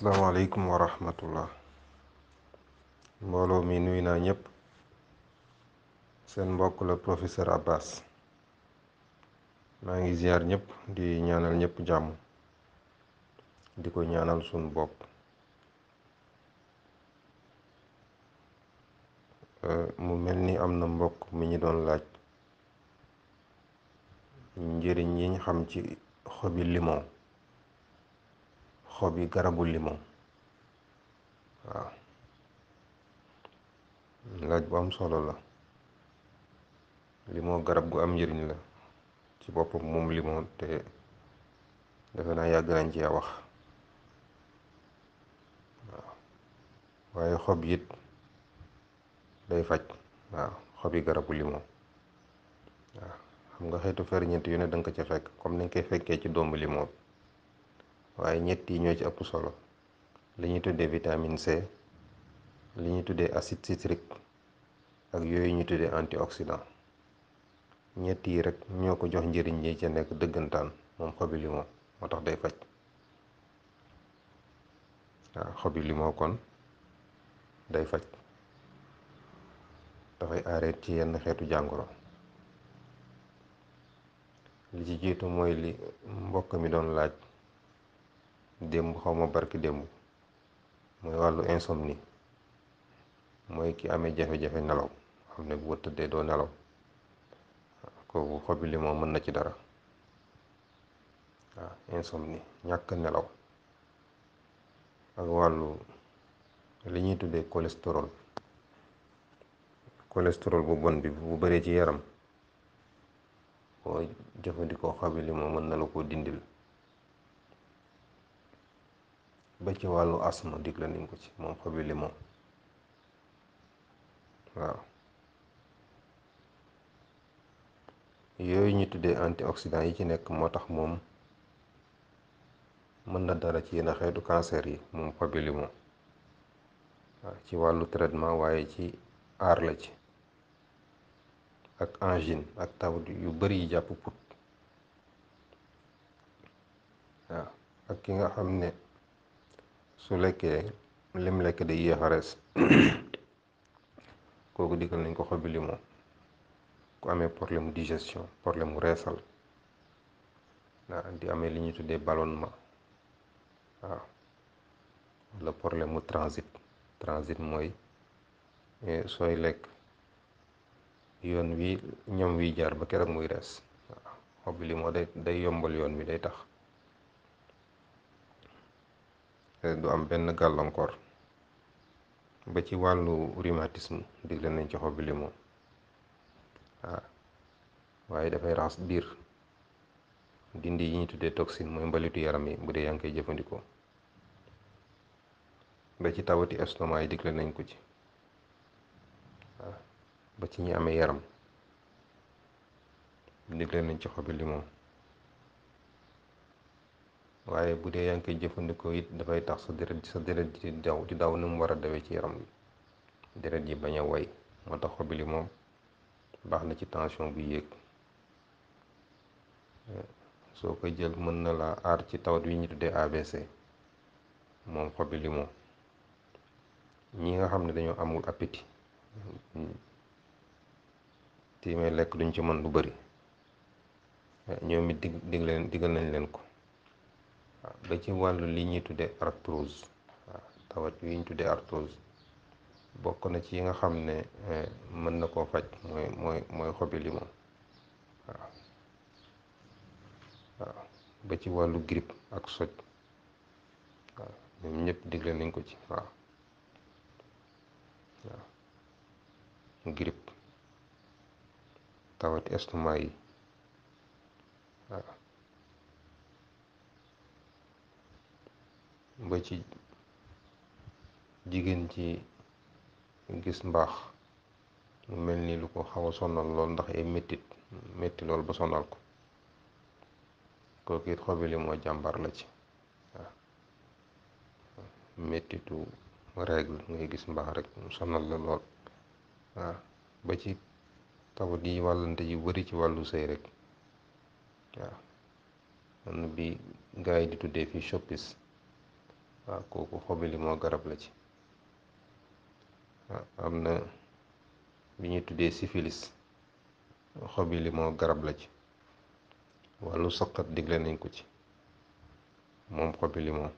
asalaamaaleykum wa rahmatullah mbooloo mi nuy naa ñëpp seen mbokk la professeur Abbas maa ngi ziar ñépp di ñaanal ñëpp jàmm di ko ñaanal sun bopp euh, mu mel ni am na mbokk mi ñu doon laaj njëriñ yi ñu xam ci xobi limon xob yi garabu limon waaw laaj bu am solo la limon garab gu am njëriñ la ci boppam moom limon te defe naa yàgg nañ ci wax waaw waaye xob yit day faj waaw xob yi garabu limon waaw xam nga xeetu ferñeent yu ne danga ko ca fekk comme nañ koy fekkee ci doomu limon waaye ñett yi ñoo ci ëpp solo li ñuy tuddee vitamine C li ñuy tuddee acide citrique ak yooyu ñu tuddee antioxydant ñett yi rek ñoo ko jox njëriñ yi ca nekk dëggantaan moom xobi limon moo tax day faj waaw xobi limon kon day faj dafay aareet ci yenn xeetu jàngoro li ci jiitu mooy li mbokk mi doon laaj démb xaw ma barki démb mooy wàllu insomnie mooy ki amee jafe-jafe nelaw xam ne boo tëddee doo nelaw kooku xobi limon mën na ci dara waaw insomnie ñàkk nelaw ak wàllu li ñuy tuddee cholestérol cholestérol bu bon bi bu bëree ci yaram boo jëfandikoo xobi limon mën na la ko dindil ba ci wàllu asma digle nañ ko ci moom xobi limon waaw yooyu ñu tuddee antioxydant yi ci nekk moo tax moom mën na dara ci yenn xeetu cancer yi moom xobi limon waaw ci wàllu traitement waaye ci aar la ci ak angine ak tawut yu bari yi jàpp put waaw ak ki nga xam ne su lekkee lim lekk day yéex a rees kooku diggal nañ ko xobi limo ku amee problème mu digestion problème mu reesal ah di amee li ñuy tuddee ballonnement waaw wala problème mu transit transit mooy eh, sooy lekk yoon wi ñam wi jaar ba keroog muy rees waaw xobi limo day day yombal yoon wi day tax. Eh, du am benn gàllankoor ba ci wàllu rhumatisme digle nañ ci xobi limon ah, waaye dafay ras biir dindi yi ñu tuddee toxin mooy mbalitu yaram yi bu dee yaa ngi koy jëfandikoo ba ci tawati estomac yi digle nañ ko ci ah, ba ci ñi amee yaram digle nañ ci xobi limon waaye bu dee yaa ngi koy jëfandikoo it dafay tax sa deret sa deret ji di daw ji daw ni mu war a dawee ci yaram bi deret ji bañ a way moo tax xobi li moom baax na ci tension bu yéeg soo koy jël mën na laa aar ci tawat wi ñu tuddee ABC moom xobi limon ñi nga xam ne dañoo amul appétit tiimee lekk duñ ci mën lu bari eh, ñoom it dig dig leen digal nañ leen ko ba ci wàllu li ñuy tuddee arthrose tawat yi ñu tuddee arthrose bokk na ci yi nga xam ne eh, mën na koo faj mooy mooy mooy xobi limon waaw ba ci wàllu grip ak soj waaw ñoom ñëpp digle nañ ko ci waaw waaw grippe tawat estomac yi ba ci jigéen ci gis mbaax mu mel ni lu ko xawa a lool ndax ay mettit metti lool ba sonal ko kooku xobi li moo jàmbar la ci waaw mettitu règle ngay gis mbaax rek mu la lool waaw ba ci tawat yi wàllante yu bari ci wàllu sëy rek waaw man bi gaa di tuddee fii choppis waaw kooku xobi limon garab la ci waaw am na bi ñuy tuddee sifilis xobi limon garab la ci wàllu saqat digle nañ ko ci moom xobi limon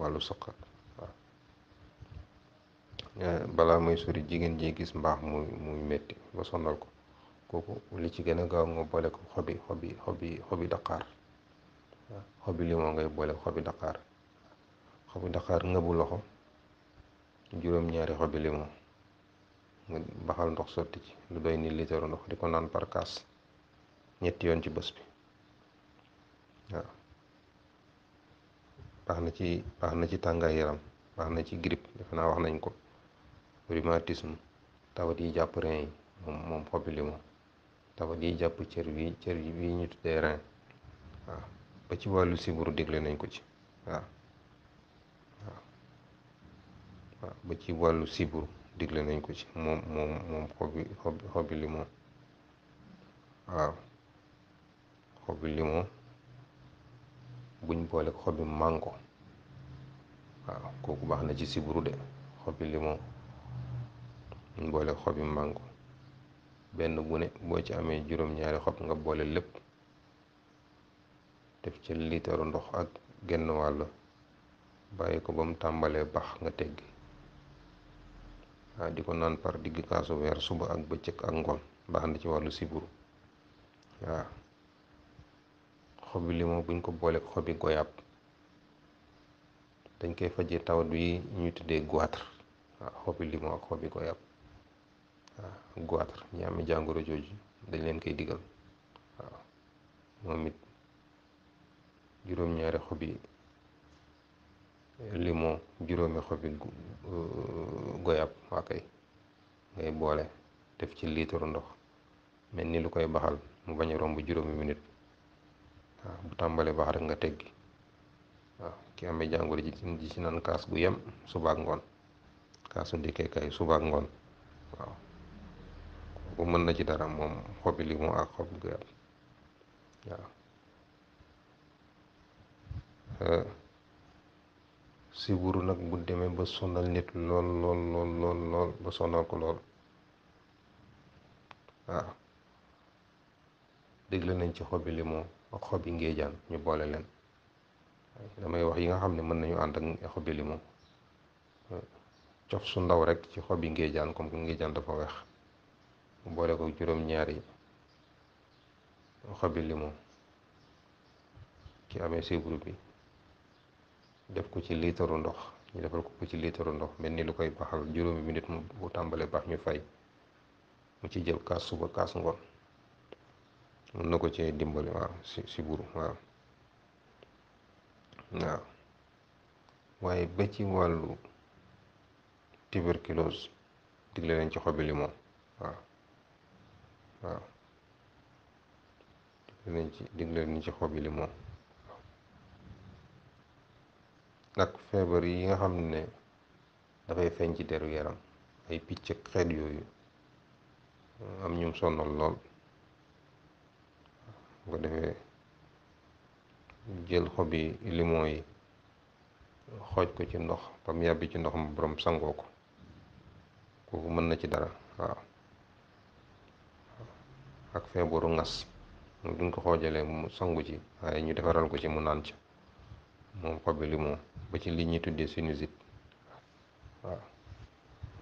wàllu saqat waaw eh, balaa muy sori jigéen ji gis mbaax muy muy metti ba sonal ko kooku li ci gën a gaaw nga boole ko xobi xobi xobi xobi daqaar xobi limon ngay boole xobi daqaar xobu daqaar ngëbu loxo juróom-ñaari xobi limo nga baxal ndox sotti ci lu doy ni liitaru ndox di ko naan par ñetti yoon ci bës bi waaw baax na ci na ci tàngaay yaram baax na ci grippe defe wax nañ ko rhumatisme tawat yi jàpp rein yi moom xobi limo tawat yi jàpp cër wi cër wi ñu tuddee rein waaw ba ci wàllu siburu digle nañ ko ci waaw waaw ba ci wàllu sibru digle nañ ko ci moom moom moom xobi xobi xobi limon waaw buñ boole xobi mango waaw kooku baax na ci sibru de xobi limon buñ boole xobi mango benn bu ne boo ci amee juróom-ñaari xob nga boole lépp def ci liitaru ndox ak genn wàll bàyyi ko ba mu tàmbalee bax nga teggi Ah, di ko naan par digg kaasu weer suba ak bëccëg ak ngoon baax na ci wàllu siburu waaw xobi limon buñ ko booleek xobi goyaab dañ koy fajee tawat bi ñuy tuddee goitre waaw xobi limon ak xobi goyaab waaw goitre ñi jàngoro jooju dañ leen koy digal waaw moom it juróom-ñaari xobi limon juróomi xobi euh, goyab waa kay ngay boole def ci liitaru ndox mel ni lu koy baxal mu bañ romb juróomi minute waaw bu tàmbalee baax rek nga teggi waaw ki amee jàngoro ji ji ci naan kaas gu yem subaak ngoon kaasu ndikkee kay subaak ngoon waaw kooku mën na ci dara moom xobi limon ak xob goyab waaw euh, siburu nag bu demee ba sonal nit lool lool lool lool ba sonnal ko lool waaw dégle nañ ci xobi limon ak xobi ngéejaan ñu boole leen damay wax yi nga xam ne mën nañu ànd ak xobi limon cof su ndaw rek ci xobi ngéejaan comme que ngéejaan dafa weex mu boole ko juróom-ñaari xobi limon ki amee siburu bi def ko ci liitaru ndox ñu defal ko ci liitaru ndox mel ni lu koy baxal juróomi minute mu tàmbale baax ñu fay mu ci jël kaas suba kaas ngoon mun na ko ci dimbali waaw si si buru waaw waaw waaye ba ci wàllu tuberculose digle nañ ci xobi limon waaw waaw digle nañ ci digle nañ ci xobi limon ak feebar yi nga xam ne dafay feeñ ci deru yaram ay picc ak xeet yooyu am ñum sonal lool bu ko defee jël xobi limon yi xooj ko ci ndox ba mu yàbbi ci ndox mu borom sangoo ko kooku mën na ci dara waaw ak feebaru ngas moom duñ ko xoojalee mu sangu ci waaye ñu defaral ko ci mu naan ci moom xobi limon ba ci li ñuy tuddee sinusite waaw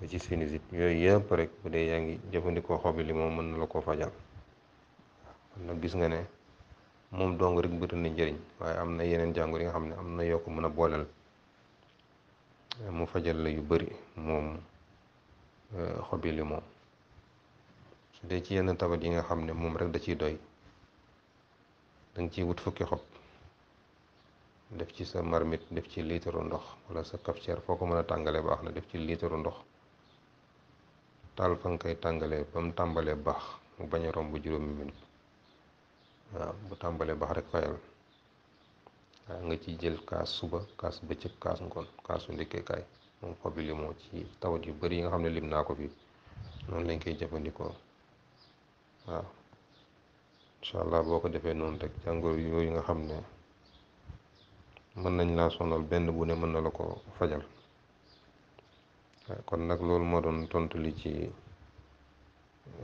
ba ci sinusite yooyu yëpp rek bu dee yaa ngi jëfandikoo xobi limon mën na la koo fajal kon nag gis nga ne moom dong rek bëri na njëriñ waaye am na yeneen jàngoro yi nga xam ne am na yoo ko mën a booleel mu fajal la yu bari moom xobi euh, limon su dee ci yenn tabat yi nga xam ne moom rek da ciy doy danga ciy wut fukki xob def ci sa marmite def ci liitaru ndox wala sa cafetière foo ko mën a tàngalee baax na def ci liitaru ndox taal fa nga koy tàngalee ba mu tàmbalee baax mu bañ romb juróomi minute waaw bu tàmbalee baax rek fayal waaw nga ci jël kaas suba kaas bëccëg kaas ngoon kaasu ndékkeekaay moom xobi limon ci tawat yu bari yi nga xam ne lim naa ko fi noonu lañ koy jëfandikoo waaw incha allah boo ko defee noonu rek jàngoro yooyu nga xam ne mën nañ laa sonal benn bu ne mën na la ko fajal kon nag loolu moo doon tontu li ci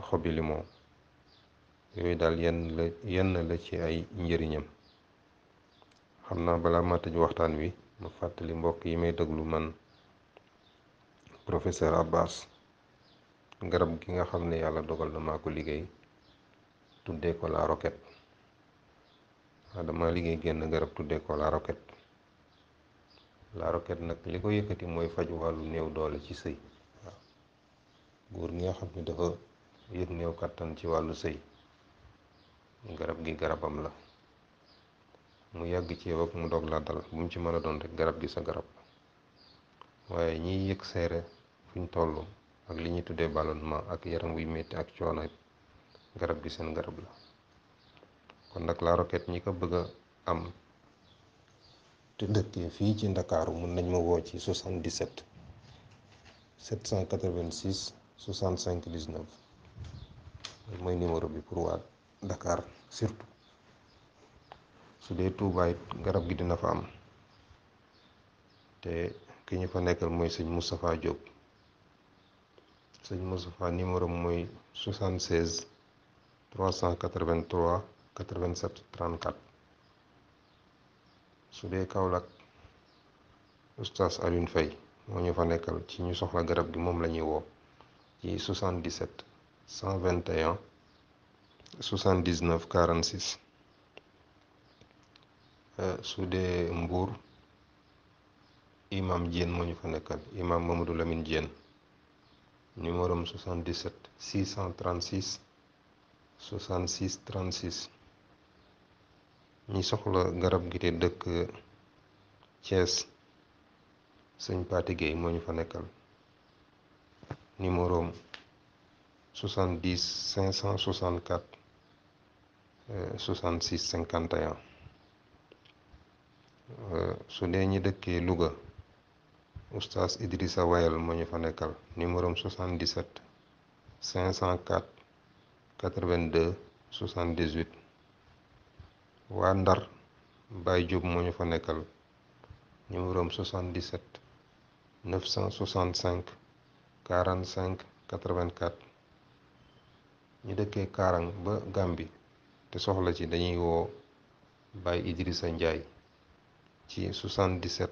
xobi limon yooyu daal yenn la yenn la ci ay njëriñam xam naa balaa ma tëj waxtaan wi ma fàttali mbokk yi may déglu man professeur Abbas garab gi nga xam ne yàlla dogal na maa ko liggéey tuddee ko la roquette waaw dama liggéey génn garab tuddee ko la roquette laa roquette nag li ko yëkkati mooy faju wàllu néew doole ci sëy góor gi nga xam ne dafa yëg néew kàttan ci wàllu sëy garab gi garabam la mu yàgg ci ak mu dog laa dal bu mu ci mën a doon rek garab gi sa garab waaye ñi yëg seere fuñ toll ak li ñuy tuddee ballonnement ak yaram wuy metti ak ak garab gi seen garab la kon nag la roquette ñi ko bëgg a am fii ci ndakaaru mun nañ ma woo ci 77 786 65 19 mooy numéro bi pour waa Dakar surtout su dee Touba garab gi dina fa am te ki ñu fa nekkal mooy sëñ Moustapha Diop sëñ Moustapha numéro mooy 76 383 87 34. su dee Kaolack oustaz Alioune Faye moo ñu fa nekkal ci ñu soxla garab gi moom lañuy woo ci 77 121 79 46 su dee Mbour imam Diène moo ñu fa nekkal imam Mamadou Lamine Diène numéro am 77 636 66 36. ñi soxla garab gi te dëkk Thiès sëñ Pathé moo ñu fa nekkal numéro am 70 564 66 51 su dee ñi dëkkee Louga oustaz Idrissa Wayal moo ñu fa nekkal numéro am 77 504 82 78 waa ndar Baye Diop moo ñu fa nekkal numéro am 77 965 45 84 ñu dëkkee Kaarang ba Gàmbi te soxla ci dañuy woo Baye Idrissa Ndiaye ci 77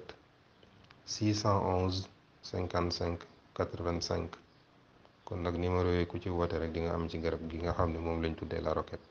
611 55 85 kon nag numéro yooyu ku ci woote rek di nga am ci garab gi nga xam ne moom lañ tuddee la roquette.